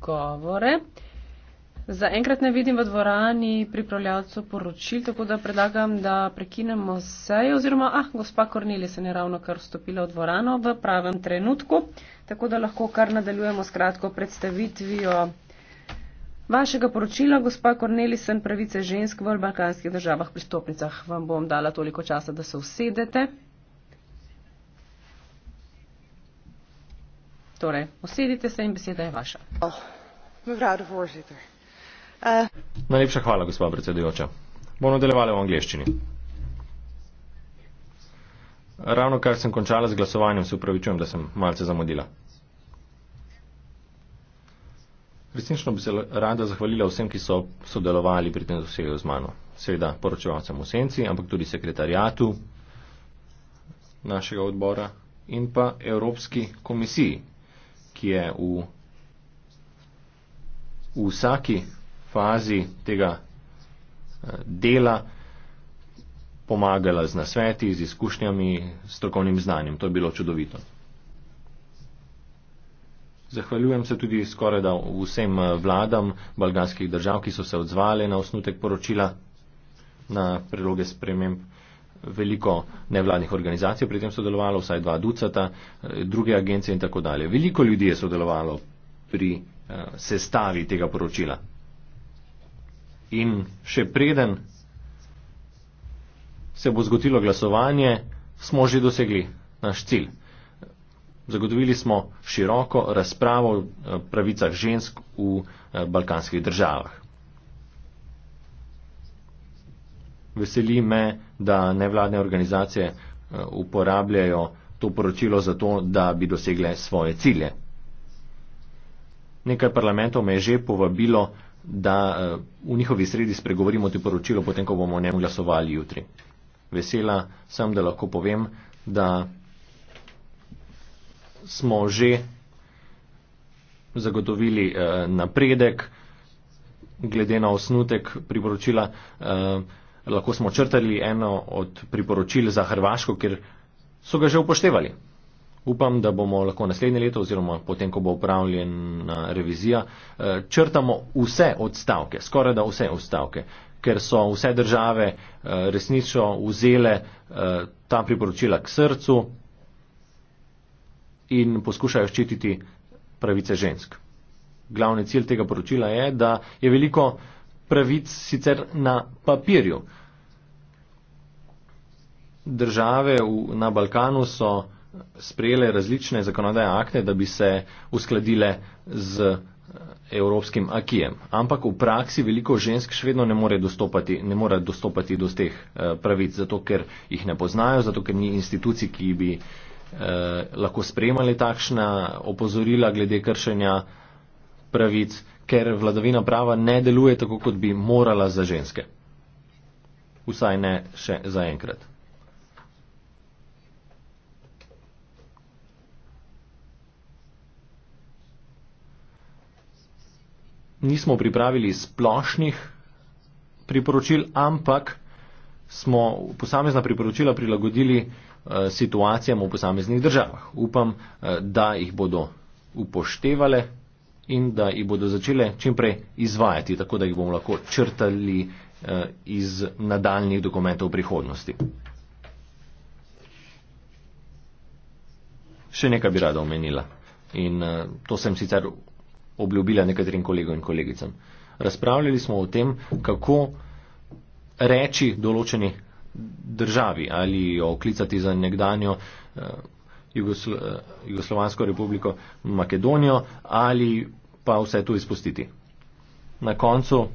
govore. Za enkrat ne vidim v dvorani pripravljalcev poročil, tako da predlagam, da prekinemo sejo oziroma, ah, gospa Kornili se ne ravno kar vstopila v dvorano v pravem trenutku, tako da lahko kar nadaljujemo s kratko predstavitvijo. Vašega poročila, gospa Kornelisen, pravice žensk v balkanskih državah pristopnicah, vam bom dala toliko časa, da se usedete. Torej, usedite se in beseda je vaša. Oh, mevrado, voorzitter. Uh... Najlepša hvala, gospa predsedujoča. Bomo nadaljevali v angliščini. Ravno kar sem končala z glasovanjem, se upravičujem, da sem malce zamudila. Resnično bi se rada zahvalila vsem, ki so sodelovali pri tem dosegu z mano. Seveda poročevalcem v senci, ampak tudi sekretarijatu našega odbora in pa Evropski komisiji, ki je v, v vsaki fazi tega eh, dela pomagala z nasveti, z izkušnjami, s strokovnim znanjem. To je bilo čudovito. Zahvaljujem se tudi skoraj da vsem eh, vladam balganskih držav, ki so se odzvali na osnutek poročila, na priloge sprememb veliko nevladnih organizacij pri tem sodelovalo, vsaj dva ducata, eh, druge agencije in tako dalje. Veliko ljudi je sodelovalo pri eh, sestavi tega poročila. In še preden se bo zgodilo glasovanje, smo že dosegli naš cilj. Zagotovili smo široko razpravo o eh, pravicah žensk v balkanskih državah. veseli me, da nevladne organizacije eh, uporabljajo to poročilo za to, da bi dosegle svoje cilje. Nekaj parlamentov me je že povabilo, da eh, v njihovi sredi spregovorimo to poročilo, potem ko bomo o njem glasovali jutri. Vesela sem, da lahko povem, da smo že zagotovili eh, napredek glede na osnutek priporočila lahko smo črtali eno od priporočil za Hrvaško, ker so ga že upoštevali. Upam, da bomo lahko naslednje leto oziroma potem, ko bo upravljena revizija, eh, črtamo vse odstavke, skoraj da vse odstavke, ker so vse države eh, resnično vzele eh, ta priporočila k srcu in poskušajo ščititi pravice žensk. Glavni cilj tega poročila je, da je veliko pravic sicer na papirju države v, na Balkanu so sprejele različne zakonodajne akte, da bi se uskladile z eh, evropskim akijem. Ampak v praksi veliko žensk še vedno ne more dostopati, ne more dostopati do teh eh, pravic, zato ker jih ne poznajo, zato ker ni institucij, ki bi eh, lahko spremali takšna opozorila glede kršenja pravic, ker vladavina prava ne deluje tako, kot bi morala za ženske. Vsaj ne še zaenkrat. nismo pripravili splošnih priporočil, ampak smo posamezna priporočila prilagodili eh, situacijam v posameznih državah. Upam, eh, da jih bodo upoštevale in da jih bodo začele čimprej izvajati, tako da jih bomo lahko črtali eh, iz nadaljnih dokumentov prihodnosti. Še nekaj bi rada omenila in to sem sicer obljubila nekaterim kolegom in kolegicam. Razpravljali smo o tem, kako reči določeni državi ali jo oklicati za nekdanjo eh, Jugoslo eh, Jugoslovansko republiko Makedonijo ali pa vse to izpustiti. Na koncu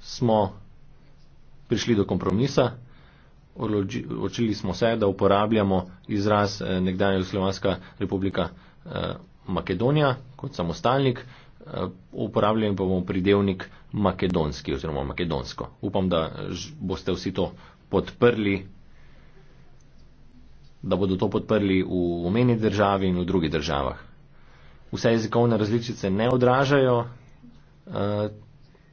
smo prišli do kompromisa odločili smo se, da uporabljamo izraz eh, nekdanja Jugoslovanska republika eh, Makedonija kot samostalnik, eh, uporabljen pa bomo pridevnik makedonski oziroma makedonsko. Upam, da boste vsi to podprli, da bodo to podprli v omeni državi in v drugih državah. Vse jezikovne različice ne odražajo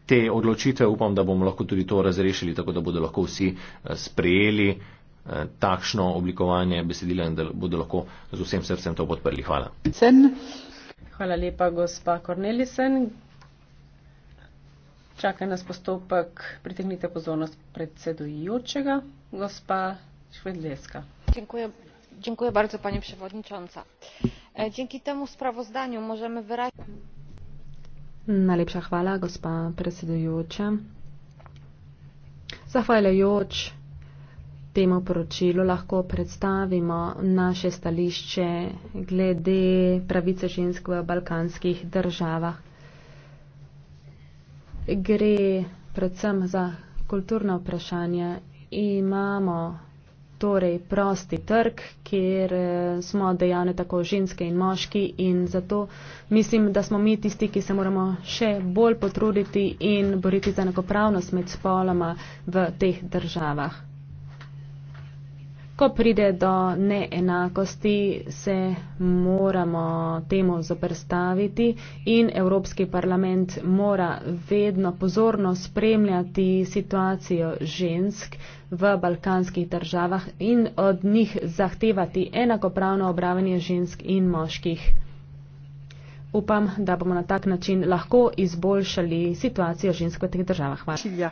te odločitve. Upam, da bomo lahko tudi to razrešili, tako da bodo lahko vsi eh, sprejeli eh, takšno oblikovanje besedila in da bodo lahko z vsem srcem to podprli. Hvala. Hvala lepa, gospa Kornelisen. Čaka nas postopek, pritegnite pozornost predsedujočega, gospa Švedleska. Dziękuję bardzo, Pani Przewodnicząca. E, dzięki temu sprawozdaniu możemy wyrazić. Najlepša hvala, gospa predsedujoča. Zahvaljajoč temu poročilu lahko predstavimo naše stališče glede pravice žensk v balkanskih državah. Gre predvsem za kulturno vprašanje. Imamo torej prosti trg, kjer eh, smo dejane tako ženske in moški in zato mislim, da smo mi tisti, ki se moramo še bolj potruditi in boriti za enakopravnost med spoloma v teh državah. Ko pride do neenakosti, se moramo temu zaprstaviti in Evropski parlament mora vedno pozorno spremljati situacijo žensk v balkanskih državah in od njih zahtevati enakopravno obravanje žensk in moških. Upam, da bomo na tak način lahko izboljšali situacijo žensk v teh državah. Hvala.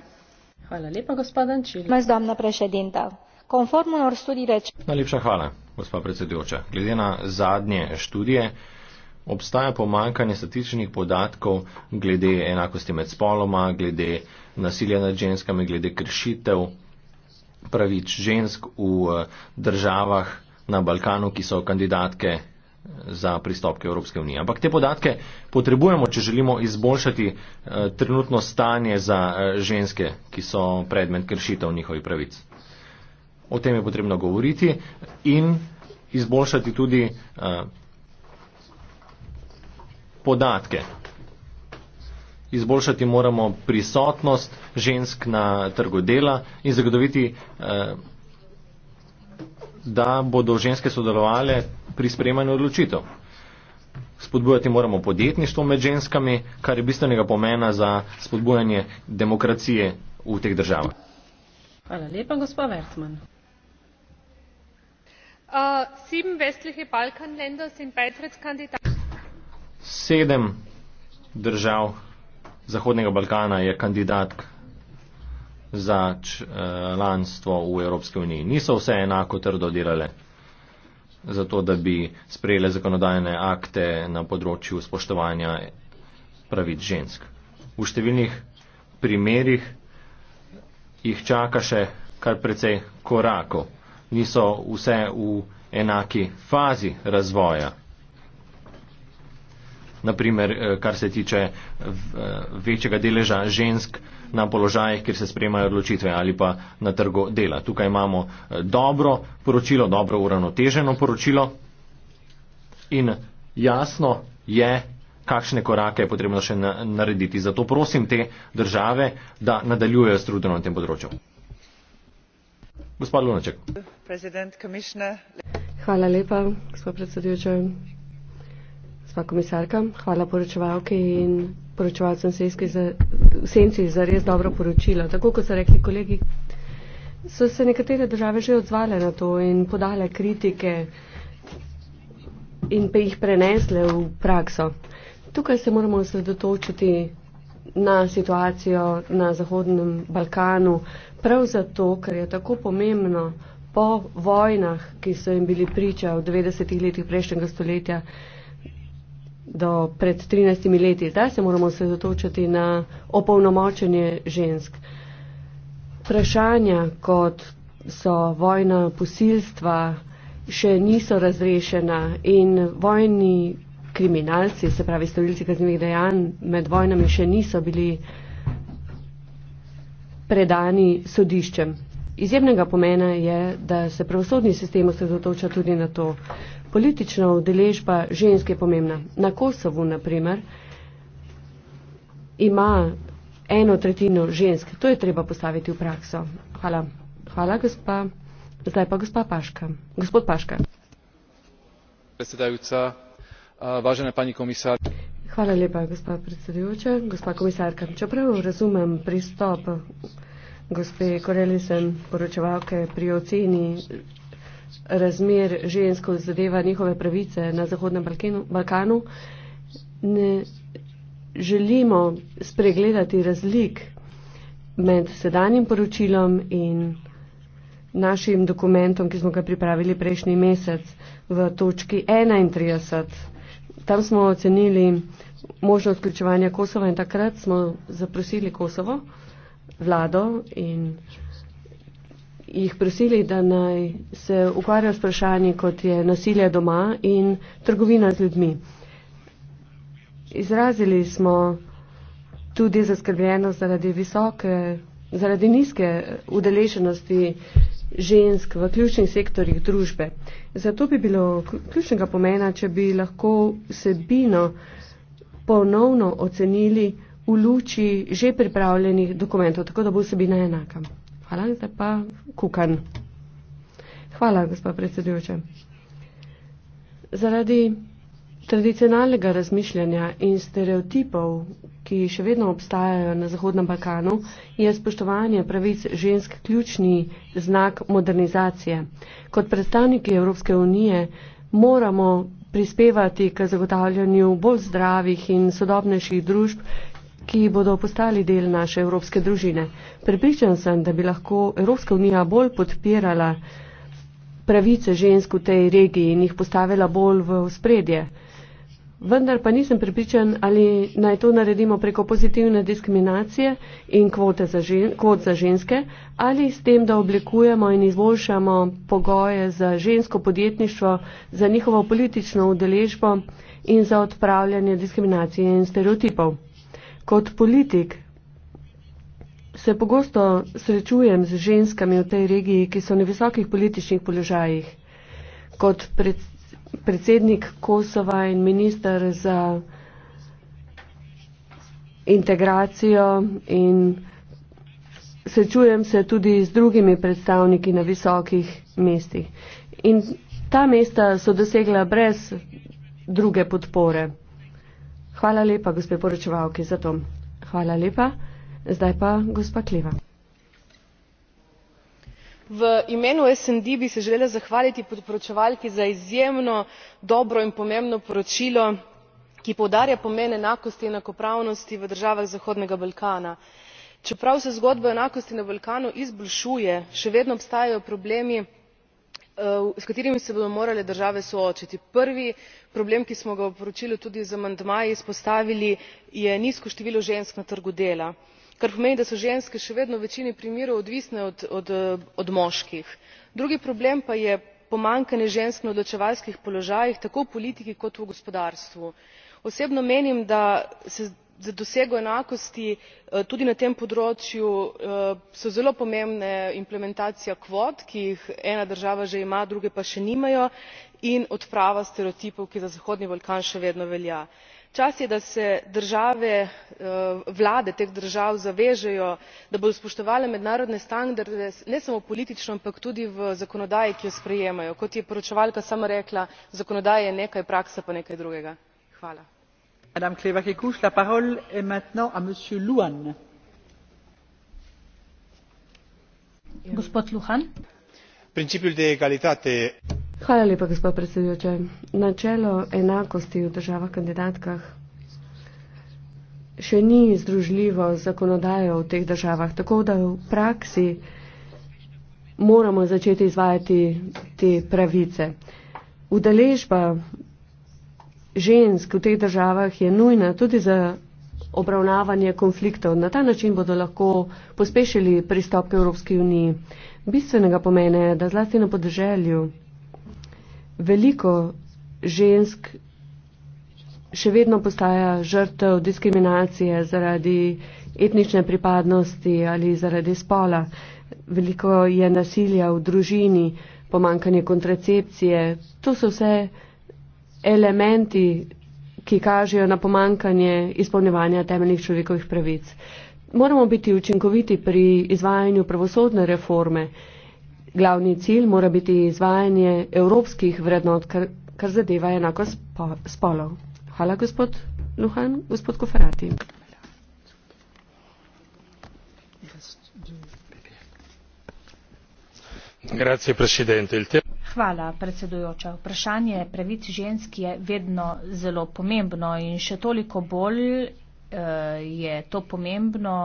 Hvala lepa, gospod Ančil konform unor studii rece. Najlepša hvala, gospa predsedujoča. Glede na zadnje študije, obstaja pomankanje statističnih podatkov glede enakosti med spoloma, glede nasilja nad ženskami, glede kršitev pravič žensk v eh, državah na Balkanu, ki so kandidatke eh, za pristop k Evropske unije. Ampak te podatke potrebujemo, če želimo izboljšati eh, trenutno stanje za ženske, ki so predmet kršitev njihovih pravic o tem je potrebno govoriti in izboljšati tudi eh, podatke. Izboljšati moramo prisotnost žensk na trgu dela in zagotoviti, eh, da bodo ženske sodelovali pri sprejemanju odločitev. Spodbujati moramo podjetništvo med ženskami, kar je bistvenega pomena za spodbujanje demokracije v teh državah. Hvala lepa, gospod Vertman. Äh, sieben westliche balkanländer sind beitrittskandidaten za članstvo eh, v Evropske uniji. Niso vse enako trdo delale za to, da bi sprejele zakonodajne akte na področju spoštovanja pravic žensk. V številnih primerjih jih čaka še kar precej korakov niso vse v enaki fazi razvoja. Naprimer, eh, kar se tiče eh, večjega deleža žensk na položajih, kjer se sprejemajo odločitve ali pa na trgu dela. Tukaj imamo eh, dobro poročilo, dobro uravnoteženo poročilo in jasno je, kakšne korake je potrebno še narediti. Zato prosim te države, da nadaljujejo s trudom na tem področju. Gospod Lunaček. Hvala lepa, gospod predsedujoče. Gospa komisarka, hvala poročevalki in poročevalcem senci za res dobro poročilo. Tako kot so rekli kolegi, so se nekatere države že odzvale na to in podale kritike in pa jih prenesle v prakso. Tukaj se moramo osredotočiti na situacijo na Zahodnem Balkanu, prav zato, ker je tako pomembno po vojnah, ki so jim bili priča v 90-ih letih prejšnjega stoletja do pred 13 leti. Zdaj se moramo sredotočiti na opolnomočenje žensk. Vprašanja, kot so vojna posilstva, še niso razrešena in vojni kriminalci, se pravi storilci kaznjivih dejanj, med vojnami še niso bili razrešeni predani sodiščem. Izjemnega pomena je, da se pravosodni sistem osredotoča tudi na to. Politična udeležba žensk je pomembna. Na Kosovu, na primer, ima eno tretjino žensk. To je treba postaviti v prakso. Hvala. Hvala, gospa. Zdaj pa gospa Paška. Gospod Paška. Predsedajuca, uh, važena pani komisar. Hvala lepa, gospa predsedujoča, gospa komisarka. Čeprav razumem pristop gospe Korelisen, poročevalke, pri oceni razmer žensko zadeva njihove pravice na Zahodnem Balkanu, ne želimo spregledati razlik med sedanjim poročilom in našim dokumentom, ki smo ga pripravili prejšnji mesec v točki 31. Tam smo ocenili, možno vključevanje Kosova in takrat smo zaprosili Kosovo, vlado in jih prosili, da naj se ukvarjajo s vprašanji, kot je nasilje doma in trgovina z ljudmi. Izrazili smo tudi zaskrbljenost zaradi visoke, zaradi nizke udeleženosti žensk v ključnih sektorjih družbe. Zato bi bilo ključnega pomena, če bi lahko sebino ponovno ocenili v luči že pripravljenih dokumentov, tako da bo vsebina enaka. Hvala, zdaj pa kukan. Hvala, gospod predsedujoče. Zaradi tradicionalnega razmišljanja in stereotipov, ki še vedno obstajajo na Zahodnem Balkanu, je spoštovanje pravic žensk ključni znak modernizacije. Kot predstavniki Evropske unije moramo prispevati k zagotavljanju bolj zdravih in sodobnejših družb, ki bodo postali del naše evropske družine. Pripričan sem, da bi lahko Evropska unija bolj podpirala pravice žensk v tej regiji in jih postavila bolj v spredje vendar pa nisem pripričan, ali naj to naredimo preko pozitivne diskriminacije in kvote za, žen, kvot za ženske, ali s tem, da oblikujemo in izboljšamo pogoje za žensko podjetništvo, za njihovo politično udeležbo in za odpravljanje diskriminacije in stereotipov. Kot politik se pogosto srečujem z ženskami v tej regiji, ki so na visokih političnih položajih. Kot predstavnik predsednik Kosova in minister za integracijo in sečujem se tudi z drugimi predstavniki na visokih mestih. In ta mesta so dosegla brez druge podpore. Hvala lepa, gospe poročevalki, za to. Hvala lepa. Zdaj pa gospa Kleva v imenu sd bi se želela zahvaliti poročevalki za izjemno dobro in pomembno poročilo ki poudarja pomen enakosti in enakopravnosti v državah zahodnega balkana. čeprav se zgodba enakosti na balkanu izboljšuje še vedno obstajajo problemi Eh, s katerimi se bodo morale države soočiti. prvi problem ki smo ga v poročilu tudi z amandmaji izpostavili je nizko število žensk na trgu dela kar pomeni da so ženske še vedno v večini primerov odvisne od eh, moških. drugi problem pa je pomanjkanje žensk na odločevalskih položajih tako v politiki kot v gospodarstvu. osebno menim da se za dosego enakosti eh, tudi na tem področju eh, so zelo pomembne implementacija kvot ki jih ena država že ima druge pa še nimajo in odprava stereotipov ki za zahodni balkan še vedno velja. čas je da se države eh, vlade teh držav zavežejo da bodo spoštovale mednarodne standarde ne samo politično ampak tudi v zakonodaji ki jo sprejemajo kot je poročevalka sama rekla zakonodaja je nekaj praksa pa nekaj drugega principiul de egalitate. gospa predsedujoča načelo enakosti v državah kandidatkah še ni združljivo z zakonodajo v teh državah tako da v praksi moramo začeti izvajati te pravice. Udeležba žensk v teh državah je nujna tudi za obravnavanje konfliktov. Na ta način bodo lahko pospešili pristop k Evropski uniji. Bistvenega pomene je, da zlasti na podeželju veliko žensk še vedno postaja žrtev diskriminacije zaradi etnične pripadnosti ali zaradi spola. Veliko je nasilja v družini, pomankanje kontracepcije. To so vse elementi, ki kažejo na pomankanje izpolnjevanja temeljnih človekovih pravic. Moramo biti učinkoviti pri izvajanju pravosodne reforme. Glavni cilj mora biti izvajanje evropskih vrednot, kar, kar zadeva enako spo, spolov. Hvala, gospod Luhan. Gospod Koferati. Grazie, Presidente. Il tema... Hvala, predsedujoča. Vprašanje pravic žensk je vedno zelo pomembno in še toliko bolj eh, je to pomembno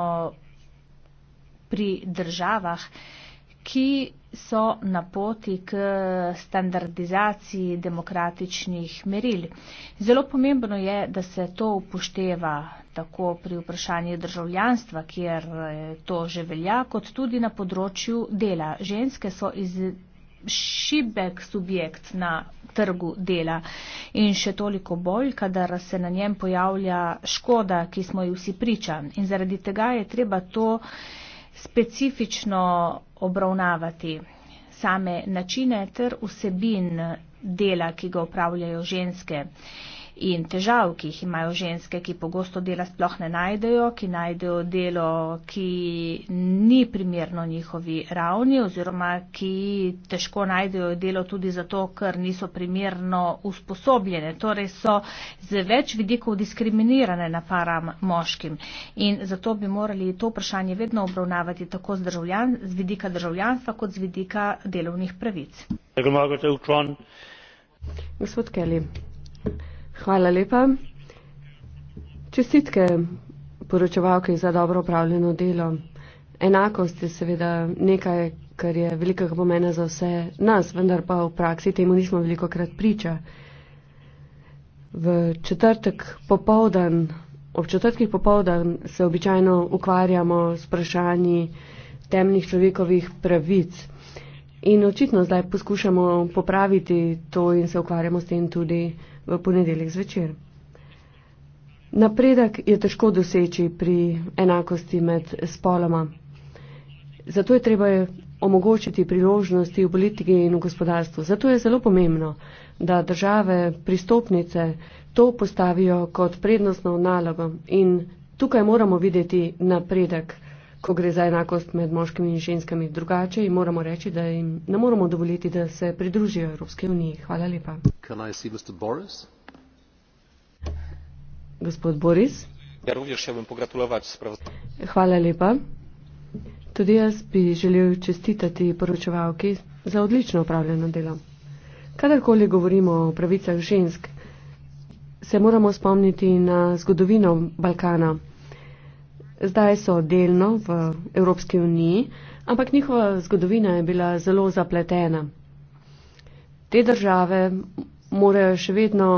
pri državah, ki so na poti k standardizaciji demokratičnih meril. Zelo pomembno je, da se to upošteva tako pri vprašanju državljanstva, kjer eh, to že velja, kot tudi na področju dela. Ženske so iz šibek subjekt na trgu dela in še toliko bolj, kadar se na njem pojavlja škoda, ki smo ji vsi priča. In zaradi tega je treba to specifično obravnavati same načine ter vsebin dela, ki ga upravljajo ženske in težav, ki jih imajo ženske, ki pogosto dela sploh ne najdejo, ki najdejo delo, ki ni primerno njihovi ravni oziroma ki težko najdejo delo tudi zato, ker niso primerno usposobljene. Torej so z več vidikov diskriminirane na param moškim in zato bi morali to vprašanje vedno obravnavati tako z, državljan, z vidika državljanstva kot z vidika delovnih pravic. Gospod Kelly. Hvala lepa. Čestitke poročevalke za dobro upravljeno delo. Enakost je seveda nekaj, kar je velikega pomena za vse nas, vendar pa v praksi temu nismo veliko krat priča. V četrtek popovdan, ob četrtkih popovdan se običajno ukvarjamo s vprašanji temnih človekovih pravic. In očitno zdaj poskušamo popraviti to in se ukvarjamo s tem tudi v ponedeljek zvečer. Napredek je težko doseči pri enakosti med spoloma. Zato je treba omogočiti priložnosti v politiki in v gospodarstvu. Zato je zelo pomembno, da države pristopnice to postavijo kot prednostno nalogo in tukaj moramo videti napredek ko gre za enakost med moškimi in ženskami drugače in moramo reči, da jim ne moramo dovoliti, da se pridružijo Evropske unije. Hvala lepa. Gospod Boris. Gospod Boris. Ja, Hvala lepa. Tudi jaz bi želel čestitati poročevalki za odlično upravljeno delo. Kadarkoli govorimo o pravicah žensk, se moramo spomniti na zgodovino Balkana. Zdaj so delno v Evropski uniji, ampak njihova zgodovina je bila zelo zapletena. Te države morajo še vedno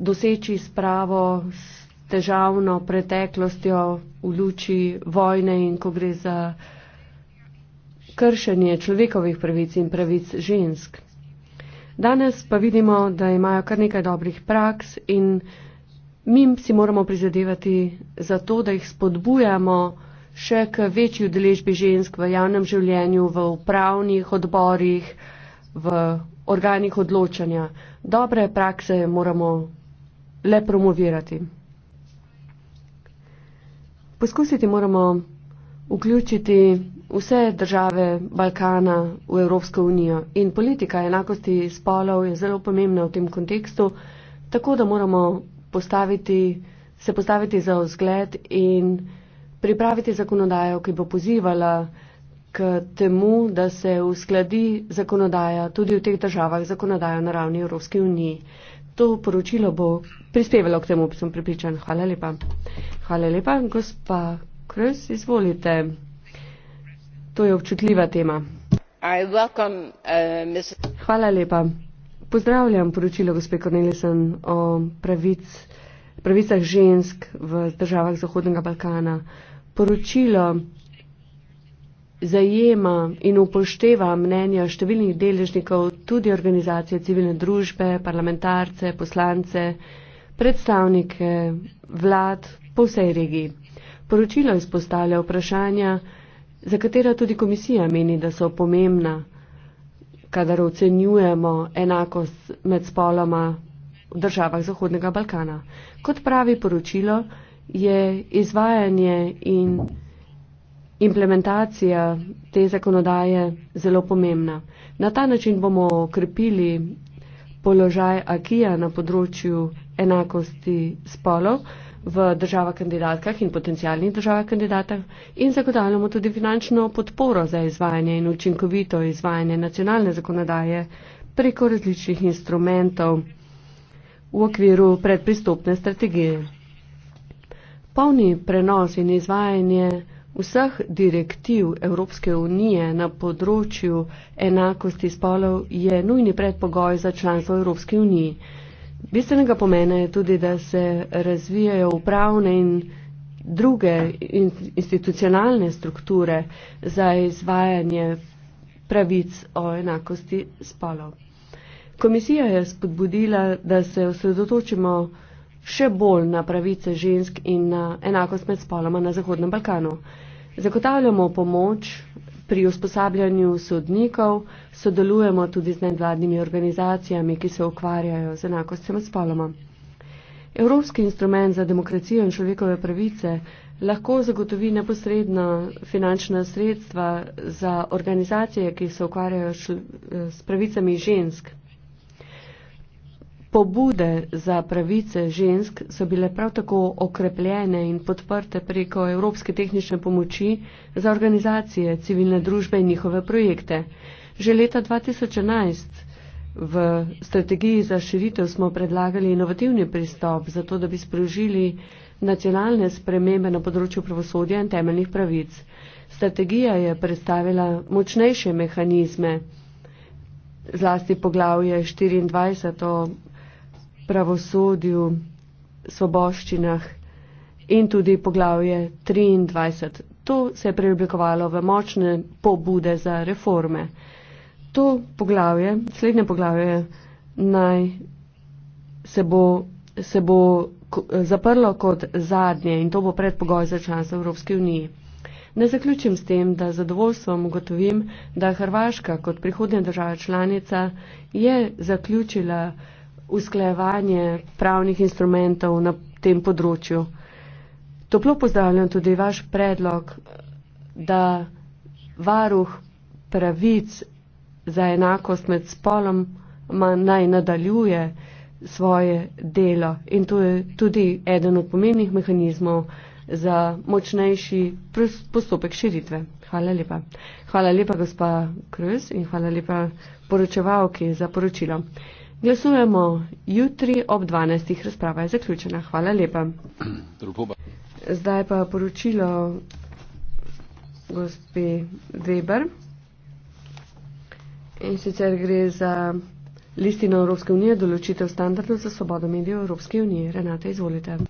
doseči spravo s težavno preteklostjo v luči vojne in ko gre za kršenje človekovih pravic in pravic žensk. Danes pa vidimo, da imajo kar nekaj dobrih praks in Mi si moramo prizadevati za to, da jih spodbujamo še k večji udeležbi žensk v javnem življenju, v upravnih odborih, v organih odločanja. Dobre prakse moramo le promovirati. Poskusiti moramo vključiti vse države Balkana v Evropsko unijo in politika enakosti spolov je zelo pomembna v tem kontekstu, tako da moramo postaviti, se postaviti za vzgled in pripraviti zakonodajo, ki bo pozivala k temu, da se uskladi zakonodaja tudi v teh državah, zakonodajo na ravni Evropske unije. To poročilo bo prispevalo k temu, sem pripričan. Hvala lepa. Hvala lepa, gospa Kres, izvolite. To je občutljiva tema. Welcome, uh, Hvala lepa. Pozdravljam poročilo gospe Kornelisen o pravic, pravicah žensk v državah Zahodnega Balkana. Poročilo zajema in upošteva mnenja številnih deležnikov, tudi organizacije civilne družbe, parlamentarce, poslance, predstavnike vlad po vsej regiji. Poročilo izpostavlja vprašanja, za katera tudi komisija meni, da so pomembna kadar ocenjujemo enakost med spoloma v državah Zahodnega Balkana. Kot pravi poročilo, je izvajanje in implementacija te zakonodaje zelo pomembna. Na ta način bomo okrepili položaj Akija na področju enakosti spolov v državah kandidatkah in potencijalnih državah kandidatah in zagotavljamo tudi finančno podporo za izvajanje in učinkovito izvajanje nacionalne zakonodaje preko različnih instrumentov v okviru predpristopne strategije. Polni prenos in izvajanje vseh direktiv Evropske unije na področju enakosti spolov je nujni predpogoj za članstvo Evropske unije. Bistvenega pomena je tudi, da se razvijajo upravne in druge institucionalne strukture za izvajanje pravic o enakosti spolov. Komisija je spodbudila, da se osredotočimo še bolj na pravice žensk in na enakost med spoloma na Zahodnem Balkanu. Zagotavljamo pomoč Pri usposabljanju sodnikov sodelujemo tudi z nevladnimi organizacijami, ki se ukvarjajo z enakostjo med spoloma. Evropski instrument za demokracijo in človekove pravice lahko zagotovi neposredno finančna sredstva za organizacije, ki se ukvarjajo šl, s pravicami žensk. Pobude za pravice žensk so bile prav tako okrepljene in podprte preko Evropske tehnične pomoči za organizacije civilne družbe in njihove projekte. Že leta 2011 v strategiji za širitev smo predlagali inovativni pristop za to, da bi sprožili nacionalne spremembe na področju pravosodja in temeljnih pravic. Strategija je predstavila močnejše mehanizme, zlasti poglavje 24 o pravosodju, svoboščinah in tudi poglavje 23. To se je preoblikovalo v močne pobude za reforme. To poglavje, slednje poglavje, naj se bo, se bo zaprlo kot zadnje in to bo predpogoj za članstvo Evropske unije. Ne zaključim s tem, da zadovoljstvom ugotovim, da Hrvaška kot prihodnja država članica je zaključila usklajevanje pravnih instrumentov na tem področju. Toplo pozdravljam tudi vaš predlog, da varuh pravic za enakost med spolom naj nadaljuje svoje delo in to je tudi eden od pomembnih mehanizmov za močnejši postopek širitve. Hvala lepa. Hvala lepa, gospa Krs in hvala lepa poročevalki za poročilo. Glasujemo jutri ob 12. Razprava je zaključena. Hvala lepa. Zdaj pa poročilo gospe Weber. In sicer gre za listino Evropske unije, določitev standardov za svobodo medijev Evropske unije. Renata, izvolite.